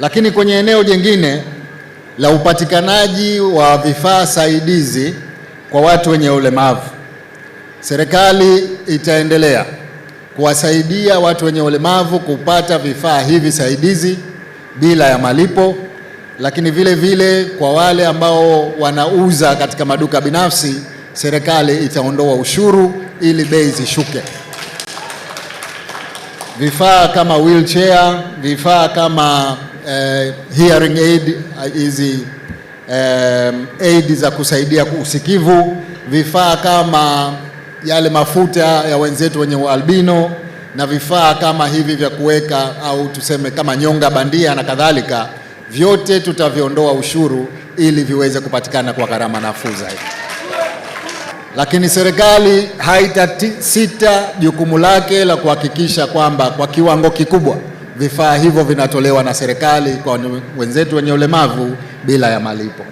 Lakini kwenye eneo jingine la upatikanaji wa vifaa saidizi kwa watu wenye ulemavu, serikali itaendelea kuwasaidia watu wenye ulemavu kupata vifaa hivi saidizi bila ya malipo, lakini vile vile kwa wale ambao wanauza katika maduka binafsi, serikali itaondoa ushuru ili bei zishuke. Vifaa kama wheelchair, vifaa kama Eh, hearing aid, eh, hizi um, aid za kusaidia usikivu, vifaa kama yale mafuta ya wenzetu wenye ualbino na vifaa kama hivi vya kuweka au tuseme kama nyonga bandia na kadhalika, vyote tutaviondoa ushuru ili viweze kupatikana kwa gharama nafuu zaidi. Lakini serikali haitasita jukumu lake la kuhakikisha kwamba kwa kiwango kikubwa vifaa hivyo vinatolewa na serikali kwa wenzetu wenye ulemavu bila ya malipo.